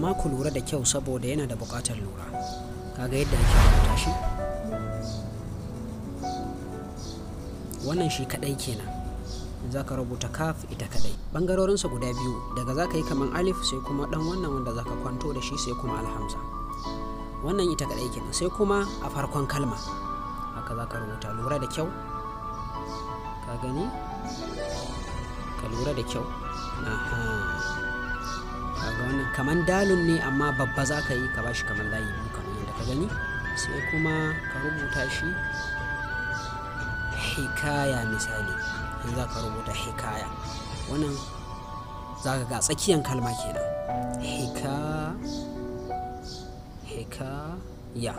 amma ku lura da kyau saboda yana da bukatar lura kaga yadda ake rubuta shi wannan shi kadai kenan za ka rubuta kaf ita kadai bangarorinsa guda biyu daga za ka yi kamar alif sai kuma dan wannan wanda za ka kwanto da shi sai kuma alhamsa wannan ita kadai kenan sai kuma a farkon kalma haka za ka rubuta lura da kyau ka gani ka lura da kyau aha wannan kaman dalun ne amma babba za ka yi ka bashi kamar layi biyu kamar yadda ka gani sai kuma ka rubuta shi hikaya misali in za ka rubuta hikaya wannan za ka ga tsakiyan kalma kenan hika hikaya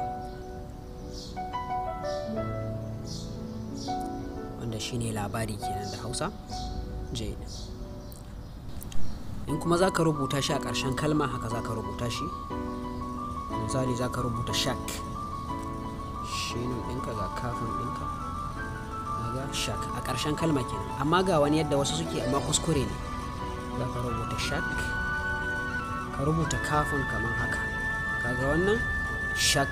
wanda shine labari kenan da hausa jade in kuma za ka rubuta shi a ƙarshen kalma haka za ka rubuta shi misali za ka rubuta shak shinun ɗinka ga kafin ɗinka ga shak a ƙarshen kalma kenan amma ga wani yadda wasu suke amma kuskure ne za ka rubuta shak ka rubuta kafin kamar haka kaga wannan shak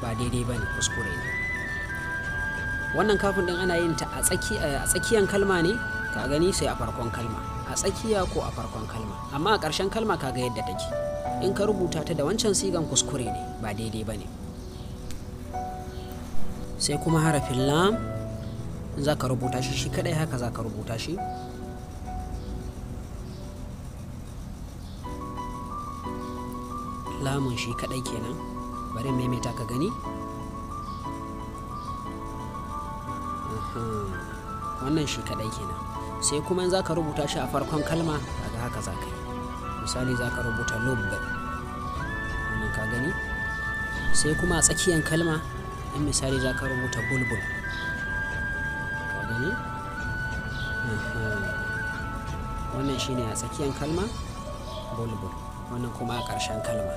ba daidai ba ne kuskure ne wannan kafin ɗin ana yin ta a eh, tsakiyan kalma ne ka gani sai a farkon kalma a tsakiya ko a farkon kalma amma a ƙarshen kalma ka ga yadda take in ka rubuta ta da wancan sigan kuskure ne ba daidai ba ne sai kuma harafin lam za ka rubuta shi shi kadai haka za ka rubuta shi lamun shi kadai kenan bari maimaita ka gani wannan shi kaɗai kenan sai kuma in za ka rubuta shi a farkon kalma kaga haka za ka yi misali za ka rubuta lobe wannan ka gani sai kuma a tsakiyan kalma in misali za ka rubuta bulbul ka gani wannan ne a tsakiyan kalma bulbul wannan kuma a ƙarshen kalma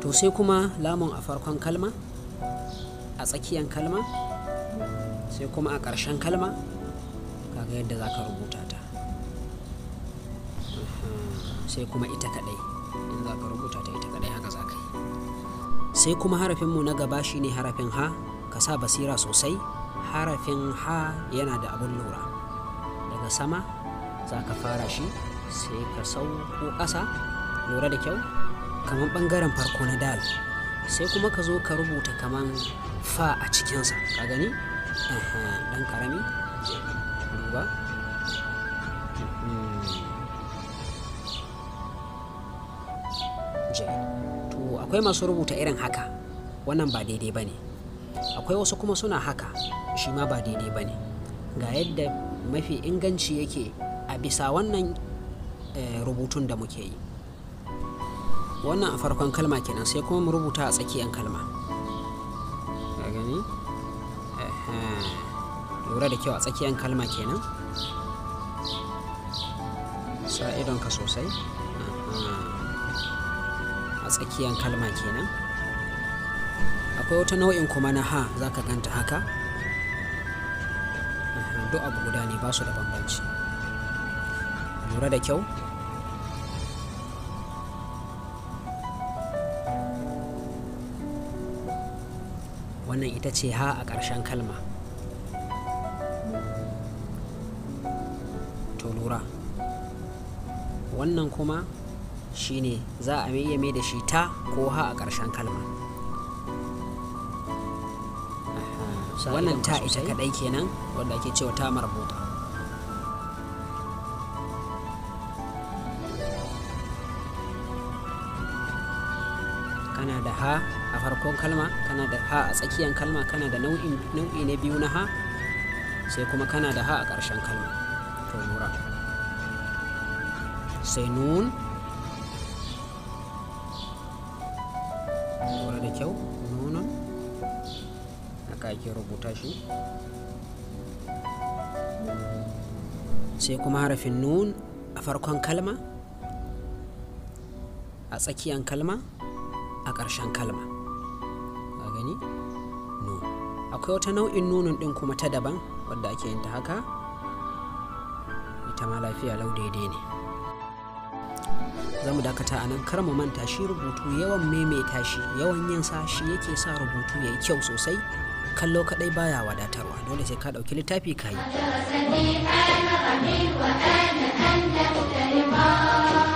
to sai kuma lamun a farkon kalma a tsakiyan kalma sai kuma a ƙarshen kalma kaga yadda za ka rubuta ta sai kuma ita kaɗai in za ka rubuta ta ita kaɗai haka za ka yi sai kuma harafinmu na gaba shine harafin ha ka sa basira sosai harafin ha yana da abin lura daga sama za ka fara shi sai ka sauko ƙasa lura da kyau kamar ɓangaren farko na dal sai kuma ka zo ka rubuta kamar fa a cikinsa ka gani dan karami duba to akwai masu rubuta irin haka wannan ba daidai ba ne akwai wasu kuma suna haka shi ma ba daidai ba ne ga yadda mafi inganci yake a bisa wannan eh, rubutun da muke yi wannan a farkon kalma kenan sai kuma mu rubuta a tsakiyar kalma lura da kyau a tsakiyar kalma kenan sa ka sosai a tsakiyar kalma kenan akwai wata nau'in kuma na ha za ka ganta haka duk abu guda ne ba su da bambanci lura da kyau wannan ita ce ha a ƙarshen kalma wannan kuma shine za a iya mai da shi ta ko ha a ƙarshen kalma wannan ta ita kadai kenan wanda ake cewa ta marbuta kana da ha a farkon kalma kana da ha a tsakiyan kalma kana da nau'i na biyu na ha sai kuma kana da ha a ƙarshen kalma sai nun lura da kyau nunun haka ake rubuta shi sai kuma harafin nun a farkon kalma a tsakiyan kalma a ƙarshen kalma a gani nun akwai wata nau'in nunun ɗin kuma ta daban wadda ake yin ta haka ita ma lafiya lau daidai ne za mu dakata a nan kar mu manta shi rubutu yawan maimaita shi yawan yin sa shi yake sa rubutu ya yi kyau sosai kallo kaɗai baya wadatarwa dole sai ka ɗauki littafi ka yi